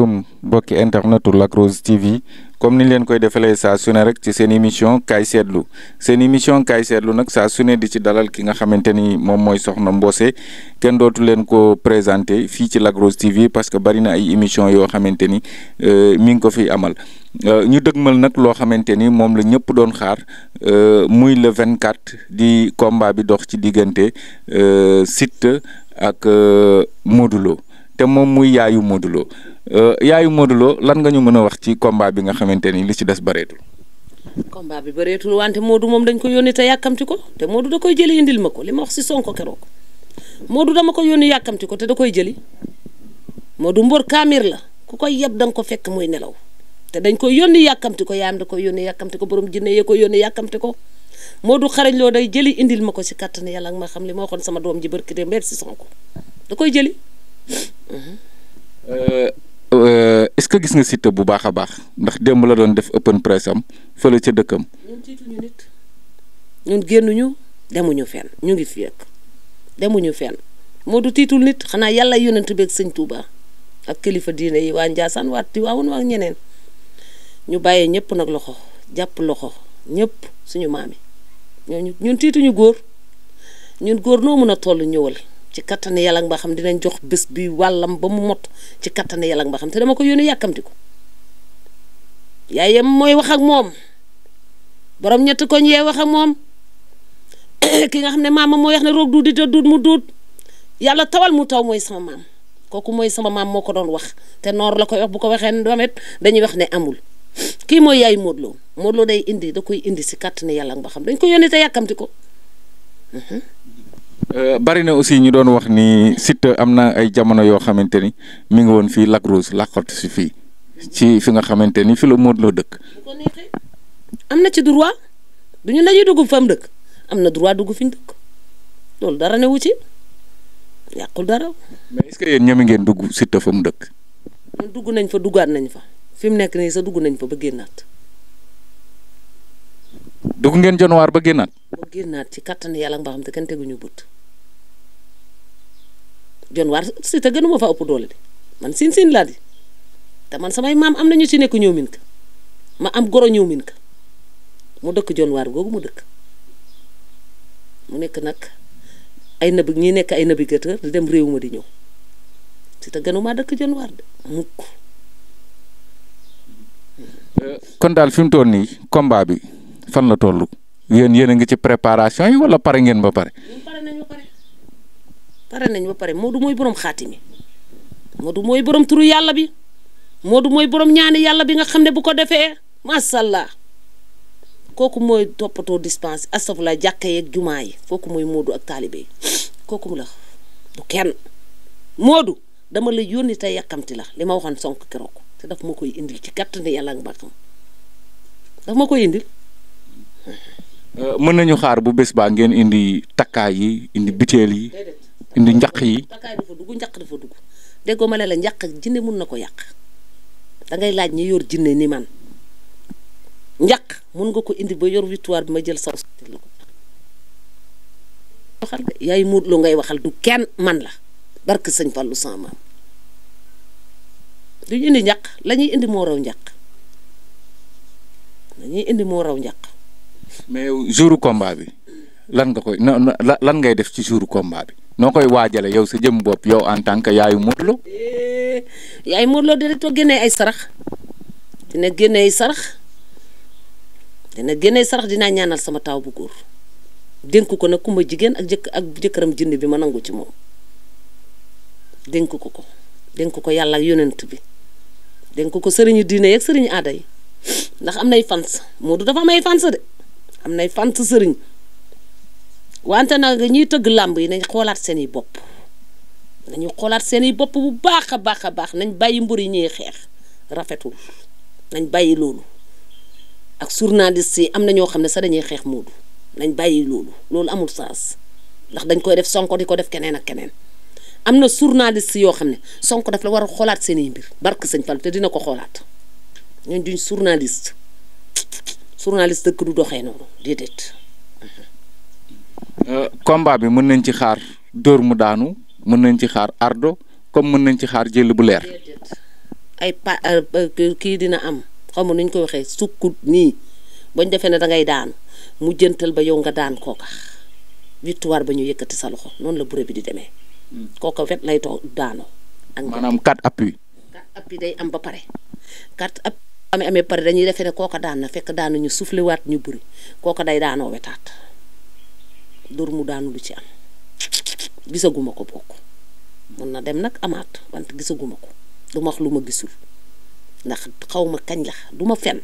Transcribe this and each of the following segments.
asalaamaaleykum mbokki internetu Lac Rose TV comme ni leen koy defalee saa sune rek ci seen émission kaay seetlu seen émission kaay seetlu nag saa su di ci dalal ki nga xamante ni moom mooy Soxna Mbossé kenn dootu leen ko présenté fii ci Lac Rose TV parce que bari na ay émission yoo xamante ni euh, mi ngi ko fi amal euh, ñu mal nag loo xamante ni moom la ñëpp doon xaar euh, muy le 24 di combat bi dox ci diggante Siteu ak Modou té mom muy yaayu modulo Lo euh, yaayu modulo Lo lan nga ñu mëna wax ci combat bi nga xamanteni li ci dess bareetul. combat bi bareetul wante Modou mom dañ ko yoni té yakamti ko té Modou da koy jëli indil mako ko li ma wax ci Sonko yakam Modou dama ko yoni yakamti ko té da koy jëli Modou mbor kamir la ku koy yeb dang ko fekk muy nelaw té dañ ko yoni yakamti ko yaam da koy yoni yakamti ko borom jinné ye ya ko yoni yakamti ko Modou xarañ lo day jëli indil mako ci katane yalla ak ma xam li ma xon sama dom ji barkité mbé ci Sonko da koy jëli. Euh, euh, est-ce que gis nga Siteu bu baax a baax ndax démb la doon def open press am fële ca dëkkam. ñun génnuñu demuñu fenn ñu ngi fi yëkk demuñu fenn moo du tiitul nit xanaa yàlla yonent beeg sëñ Touba ak kilifa diine yi waa waat waa Tiwaawoon waa ñeneen ñu bàyyee ñëpp nag loxo jàpp loxo ñëpp suñu maam yi ñun tiituñu góor ñun góor noo mën a toll ñëwal. ci kattan yàlla nga xam dinañ jox walam bi walam ba mu mot ci kattan yàlla nga xam te dama ko yónnee yàkkamti ko yaayam moy wax ak mom borom ñett ko ñe wax ak mom ki nga xamne ne moy wax na ne roog di te duut mu duut yalla tawal mu taw moy sama mam koku moy sama mam moko don wax te nor la koy wax bu ko waxe domet dañuy wax ne amul ki moy yaay modlo modlo day indi da koy indi si kattan yàlla nga xam dañ ko yónnee te ko. Mhm. Euh, bari na aussi ñu doon wax ni site amna ay jamono yo xamanteni mi ngi won fi Lac Rose si fi ci fi nga xamanteni fi la Modou Lo dekk Amna ci droit duñu lañu dugg fam dekk amna droit dugg fiñ dekk lol dara ne wu ci yàqul dara. mais est-ce que yeen ñoom ngeen dugg site fa dekk dugg nañ fa duggaat nañ fa fim nek ni sa dugg nañ fa ba génnaat. dugg ngeen januar ba génnaat. ba génnaat ci kattan yalla nga te kenn teguñu jon waar si te gënu ma fa ëpp doole de man sin sin laa di te man samay maam am nañu ci nekk ñoomin ka ma am goro ñoomin ka mu dëkk jon waar googu mu dëkk mu nekk nag ay nabi ñi nekk ay navigateur di dem réew ma di ñëw si te gënu dëkk jon waar de mukk kon daal fi mu nii combat bi fan la toll yéen yéen a ngi ci préparation yi wala pare ngeen ba pare. pare nañ ba pare du mooy borom xaatimi Modou mooy borom turu yàlla bi Modou mooy borom ñaani yàlla bi nga xam ne bu ko defee macha allah kooku mooy toppatoo dispense astafurlah jàkka yeeg jumaa yi kooku mooy Modou ak taalibe kooku la du kenn Modou dama la yoon yónni tey yàkkamti la li ma waxoon sonk keroog te daf ma koy indil ci kàttan yàlla ak mbàkkam daf ma koy indil. Euh, mën nañu xaar bu bés baa ngeen indi takkaay yi indi biteel yi. indi njaq yi. bakaay dafa dugg njaq dafa dugg déggoo ma ne la njaq jinne mun na ko yàq da ngay laaj ñi yor jinne ni man njaq mun nga ko indi ba yor victoire bi ma jël saw waxal de yaay muut lu ngay waxal du kenn man la barke sëñ Fallou sama maam duñ indi njaq lañuy indi moo raw njaq la indi moo raw njaq mais jouru combat bi. lan nga koy lan ngay def ci suur combat bi noo koy waajale yow sa jëm bopp yow en tant que yaayu Modou Lo eh, yaayu Modou Lo dina toog génnee ay sarax dina génne ay sarax dina génne ay sarax dinaa ñaanal sama taaw bu góor dénk ko na kumba jigéen ak jëkk ak jëkkëram jënd bi ma nangu ci moom dénk ko ko dénk ko yàlla ak bi dénk ko sëriñu diine yeeg sëriñu aada yi ndax am nay fans Modou dafa am ay fans de am nay fans sëriñ wante nag ñiy tëgg làmb yi nañ xoolaat seen i bopp nañu xoolaat seen i bopp bu baax a baax a baax nañ bàyyi mbër yi ñuy xeex rafetul nañ bàyyi loolu ak journaliste yi am na ñoo xam ne sax dañuy xeex Modou nañ bàyyi loolu loolu amul sens ndax dañ koy def Sonko di ko def keneen ak keneen am na journaliste yoo xam ne Sonko daf la war a xoolaat seen i mbir barke sëñ Fall te dina ko xoolaat ñun duñ journaliste journaliste dëkk du doxee noonu déedéet. combat bi mën nañ ci xaar dóor mu daanu mën nañ ci xaar ardo comme mën nañ ci xaar jël bu leer. ay pa euh, euh, kii dina am xaw ma nuñ ko waxee sukkut nii bañ defee ne da ngay daanu mu jëntal ba yow nga daan kooka victoire ba ñu yëkkati sa loxo noonu la bëre bi di demee. kooka wet lay toog daanoo. ak maanaam quatre appui. quatre appui day am ba pare quatre appui amee amee pare dañuy defee ne kooka daan na fekk daan na ñu soufflé ñu bëri kooka day daanoo wetaat. dóor mu daanu du ci am gisaguma ko bokk mën na dem nag amaat wante gisaguma ko du wax lu ma gisul ndax xaw ma kañ la du ma fenn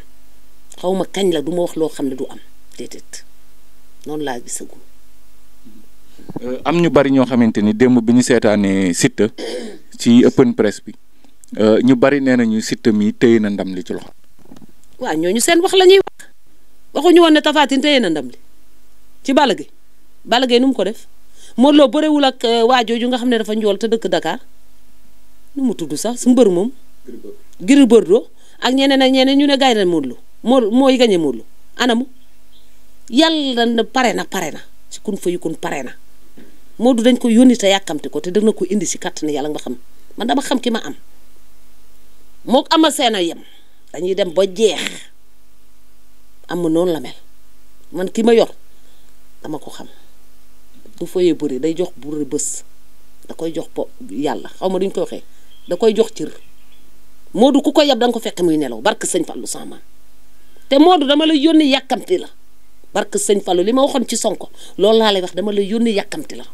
xaw ma kañ la du ma wax loo xam ne du am déedéet noonu laa gisagum. Euh, am ñu bari ñoo xamante ni démb bi ñu seetaanee Siteu ci open press bi euh, ñu bari nee nañu Siteu mi téye na ndam li ci loxo. waaw ñooñu seen wax la ñuy wax waxuñu woon ne Tapha téye na ndam li ci Balla gi Balla Gaye nu mu ko def Modou Lo bëriwul ak euh, waa jooju nga xam ne dafa njool ta dëkk Dakar nu mu tudd sax su mbër moom. Gris Bordeaux ak ñeneen ak ñeneen ñu ne gaynde Modou Lo moo mooy gañe Modou anamu yàlla na pare na pare na si kun fa yu kun pare na Modou dañ ko yónni te yàkkamti ko te dana ko indi si kàttan yàlla nga xam man dama xam ki ma am mook ama seen a yem dañuy dem ba jeex am noonu la mel man ki ma yor dama ko xam. du foyee bëri day jox buri bës da koy jox po yàlla xaw ma duñ ko waxee da koy jox cër Modou ku ko yab da ko fekk muy nelaw bark sëñ Fallou sama te Modou dama la yónni yàkkamti la barke sëñ Fallou li ma waxoon ci Sonko loolu laa lay wax dama la yónni yàkkamti la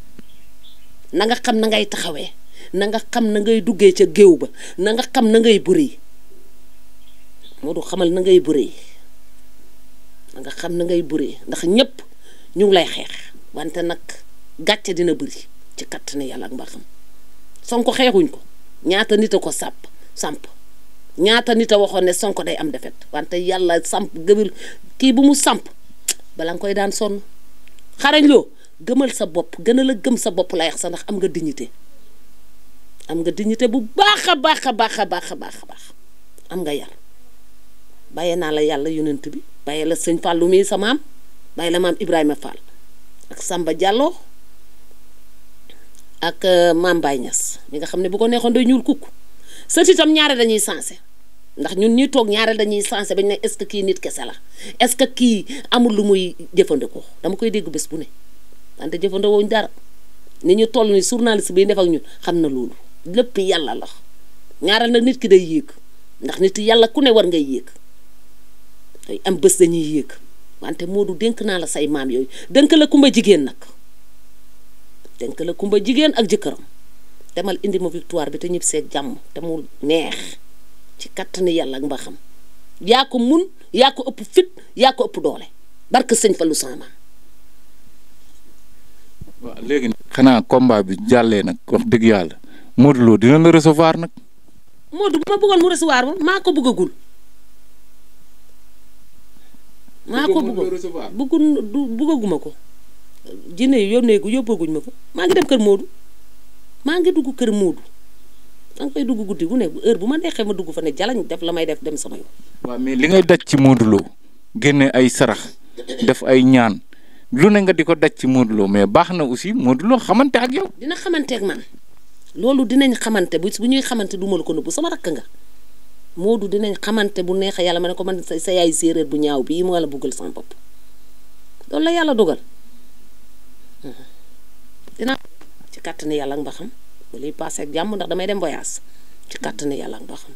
nanga xam na ngay taxawee nanga xam na ngay duggee ca géew ba nanga xam na ngay bëri Modou xamal na ngay bëri na nga xam na ngay bëri ndax ñëpp ñu lay xeex wante nag. gàcce dina bëri ci kattanu yàlla ak mbaxam sonk xeexuñ ko ñaata nit a ko sàpp samp ñaata nit a waxoon ne sonko day am defet wante yàlla samp gëmal kii bu mu sàmp bala nga koy daan sonn xarañ loo gëmal sa bopp gën la gëm sa bopp la yax sa ndax am nga dignité am nga dignité bu baax a baax a baax a baax a baax a baax am nga yar bàyyee naa la yàlla yunant bi bàyyee la sëñ Fallou mii sa maam bàyyi la maam Ibrahima Fall ak Samba Diallo ak euh, Mame Baye ñas mi nga xam ne bu ko neexoon day ñuul kukk sët itam ñaare dañuy sensé ndax ñun ñuy toog ñaareel dañuy sensé bañ ne est-ce que kii nit kese la est-ce que kii amul lu muy jëfandikoo dama koy dégg bés bu ne wante jëfandikoo dara ni ñu toll ni si bi def ak ñu xam na loolu lépp yàlla la ñaareel nag nit ki day yéeg ndax nit yàlla ku ne war ngay yéeg day am bés dañuy yéeg wante Modou dénk naa la say maam yooyu dënk la kumba jigéen nag. dénk la kumba jigéen ak jëkkëram demal indi ma victoire bi te ñib seeg jàmm te mu neex ci kattanu yàlla ak mbaxam yaa ko mun yaa ko ëpp fit yaa ko ëpp doole barke sëñ Fallou Sama. waaw léegi xanaa combat bi jàllee nag wax dëgg yàlla Modou Lo dina la recevoir nag. Modou bu ma bëggoon mu recevoir maa ko bëggagul. maa ko bëggoon bëggaguma ko. jinne gu yónnee ko yóbbaguñ ma ko ma ngi dem kër modou ma ngi duggu kër modou maa ngi koy duggu guddi gu ne heure bu ma ma duggu fa ne jalañ def lamay def dem sama yo wa mais li ngay daj ci Modou Lo génne ay sarax def ay ñaan lu ne nga diko ko daj ci Modou Lo mais baxna aussi Modou Lo xamanté ak yow. dina xamanté ak man loolu dinañ xamanté bu bu ñuy xamanté du ma ko nubu sama rak nga Modou dinañ xamanté bu neexee yalla mané ko man sa yaay séeréer bu ñaaw bi mo la buggal sama bop do la yalla dina ci katane yalla ak mbaxam wala yi paase ak jamm ndax damay dem voyage ci katane yalla ak mbaxam.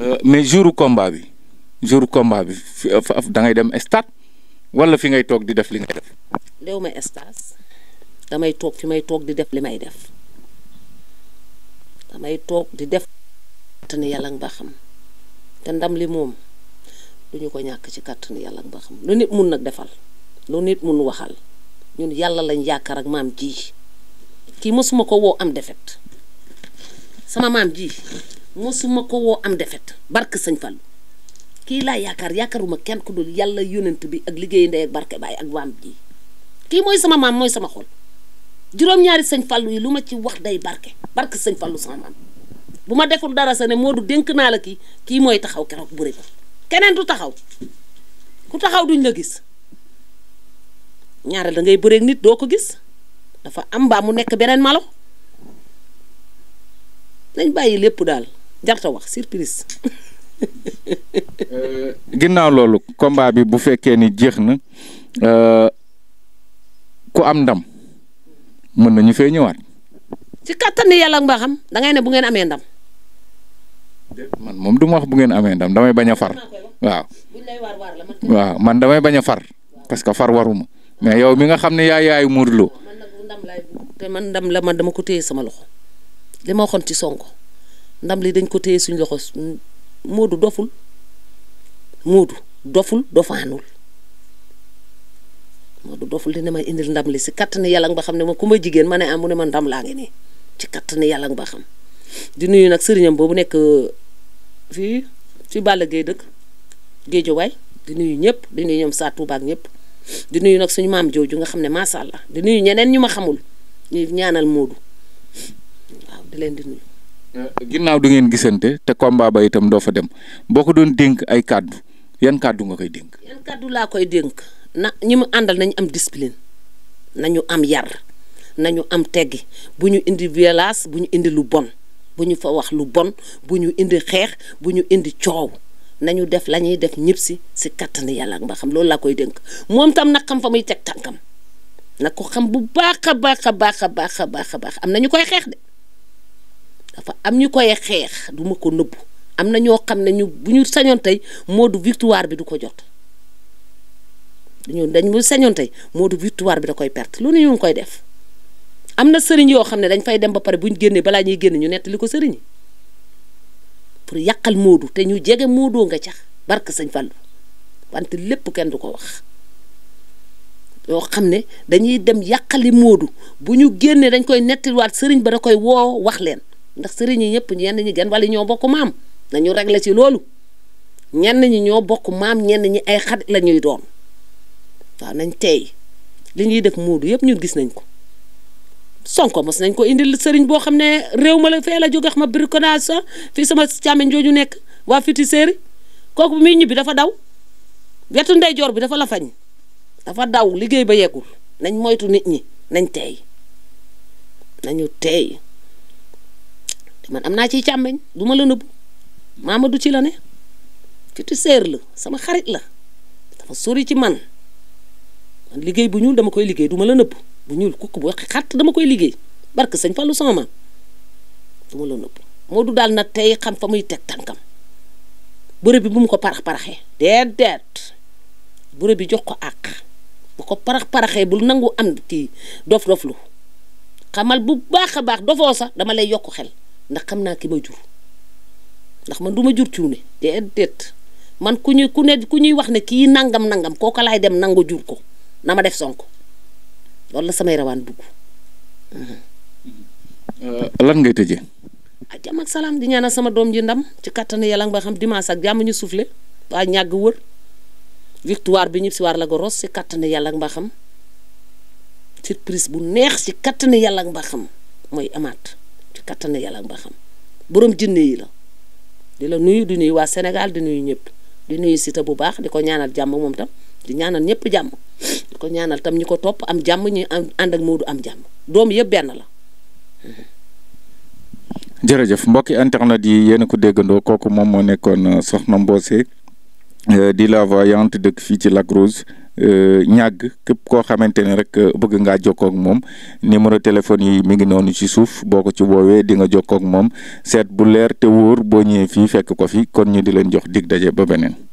Euh, mais jour combat bi jour combat bi euh, da ngay dem stade wala fi ngay tok di def li ngay def. dew ma stade damay tok fi may tok di def limay def damay tok di def tane yalla ak mbaxam te ndam li mom duñu ko ñàkk ci katane yalla ak mbaxam lu nit mun nak defal lu nit mun waxal. ñun yàlla lañ yaakaar ak maam ji kii mosuma ko woo am defet sama maam ji mosuma ko woo am defet barke sëñ Fall kii laa yaakaar yaakaaruma kenn ku dul yàlla yonent bi ak liggéey ndey ak barke baay ak maam ji kii mooy sama maam mooy sama xol juróom-ñaari sëñ lu ma ci wax day barke barke sëñ Fall sama bu ma deful dara sa ne moo du dénk naa la kii kii mooy taxaw keroog bu rëy keneen du taxaw ku taxaw duñ la gis. ñaaral da ngay bëreeg nit doo ko gis dafa am ba mu nekk beneen malo nañ bàyyi lépp daal jarta wax surprise. ginnaaw loolu combat bi bu fekkee ni jeex na euh, ku am ndam mën nañu fee ñëwaat. ci kattan ni yàlla nga xam da ngay ne bu ngeen amee ndam. man moom du ma wax bu ngeen amee ndam damay bañ far. waaw waaw man damay bañ far parce que far waruma. mais yow mi nga xam ne yaay yaayu Modou Lo. man nag bu ndam laay te man ndam la man dama ko téye sama loxo li ma waxoon ci Sonko ndam li dañ ko téye suñu loxo Modou doful Modou doful dofaanul Modou doful dina ma indil ndam li si kattan yàlla nga xam ne ma ku ma jigéen ma ne am ah mu ne ma ndam laa ngi nii ci kattan yàlla nga xam di nuyu nag sëriñam boobu nekk fii ci Balla Gaye dëkk Géejawaay di nuyu ñëpp di nuyu ñoom saa Touba ak ñëpp. di nuyu nag suñu maam jooju nga xam ne macha allah di nuyu ñeneen ñu ma xamul ñu ñaanal Moodu waaw di leen di nuyu. Eh, ginnaaw du ngeen gisante te combat ba itam doo fa dem boo ko doon dénk ay kàddu yan kàddu nga koy dénk. yan kàddu laa koy dénk na ñi mu àndal nañu am discipline nañu am yar nañu am teggi bu ñu indi violence bu ñu indi lu bon bu ñu fa wax lu bon bu ñu indi xeex bu ñu indi coow. nañu def la ñuy def ñëpp si si kattanu yàlla ak mbaxam loolu laa koy dénk moom tam nag xam fa muy teg tànkam nag ko xam bu baax a baax a baax a baax a baax a baax am na ñu koy xeex de dafa am ñu koy xeex du ma ko nëbbu am na ñoo xam ne ñu bu ñu sañoon tey moo du victoire bi du ko jot ñun dañ mu sañoon tey moo du victoire bi da koy perte lu ne ñu ngi koy def am na sëriñ yoo xam ne dañ fay dem ba pare bu ñu génnee balaa ñuy génn ñu nettali ko sëriñ yi pour yàqal Moodu te ñu jege Moodu nga cax barke sëñ Fallou wante lépp kenn du ko wax yoo xam ne dañuy dem yàqali Moodu bu ñu génnee dañ koy nettaliwaat sëriñ ba da koy woo wax leen ndax sëriñ yi ñëpp ñenn ñi gan walla ñoo bokk maam nañu réglé ci loolu ñenn ñi ñoo bokk maam ñenn ñi ay xarit la ñuy doon waaw nañ tey li ñuy def Moodu yëpp ñu gis nañ ko. Sonko mos nañ ko indil sëriñ boo xam ne réew ma la fee la jóge xam briconnage sax fii sama càmmiñ jooju nekk waa fiti séeri kooku bi muy ñibbi dafa daw wetu ndeyjoor bi dafa la fañ dafa daw liggéey ba yeggul nañ moytu nit ñi nañ teey nañu teey man am naa ci càmmiñ du ma la nëbbu du ci la ne fiti séer la sama xarit la dafa sori ci man liggéey bu ñuul dama koy liggéey du ma la nëbbu bu ñuul kukk bu xàtt dama koy liggéey barke sëñ Fallou sama maam du ma la nëbb moo du daal na tey xam fa muy teg tànkam bërëb bi bu mu ko parax paraxee déedéet bërëb bi jox ko àq bu ko parax paraxee bul nangu am ci dof dof lu xamal bu baax a baax dofoo sax dama lay yokk xel ndax xam naa ki ma jur ndax man du ma jur cuune déedéet man ku ñuy ku ne ku ñuy wax ne kii nangam nangam kooka laay dem nangu jur ko na def sonko loolu samay rawaan bugg. lan ngay tëjee. ah jàmm ak salaam di ñaanal sama doom ji ndam ci kattanu yàlla nga xam dimanche ak jàmm ñu soufflé waa ñàgg wër victoire bi ñëpp si war la ko ros ci kattanu yàlla nga xam surprise bu neex ci kattanu yàlla nga xam mooy amaat ci kattanu yàlla nga xam borom jinne yi la di la nuyu di nuyu waa Sénégal di nuyu ñëpp di nuyu Siteu bu baax di ñaanal jàmm moom tam. di ñaanal ñëpp jàmm di ko ñaanal tam ñi ko topp am jàmm ñu ànd ak Modou am jàmm doom yëpp benn la. Mmh. jërëjëf mbokki internet yi yéen a ko déggandoo kooku moom moo nekkoon euh, Soxna Mbossé euh, di la voyante dëkk fii ci Lac Rose euh, ñàgg képp koo xamante ne rek bëgg ngaa jokkook moom numéro téléphone yi mi ngi noonu ci suuf boo ko ci woowee di nga jokkoo ak moom seet bu leer te wóor boo ñëwee fii fekk ko fi kon ñu di leen jox dig daje ba beneen.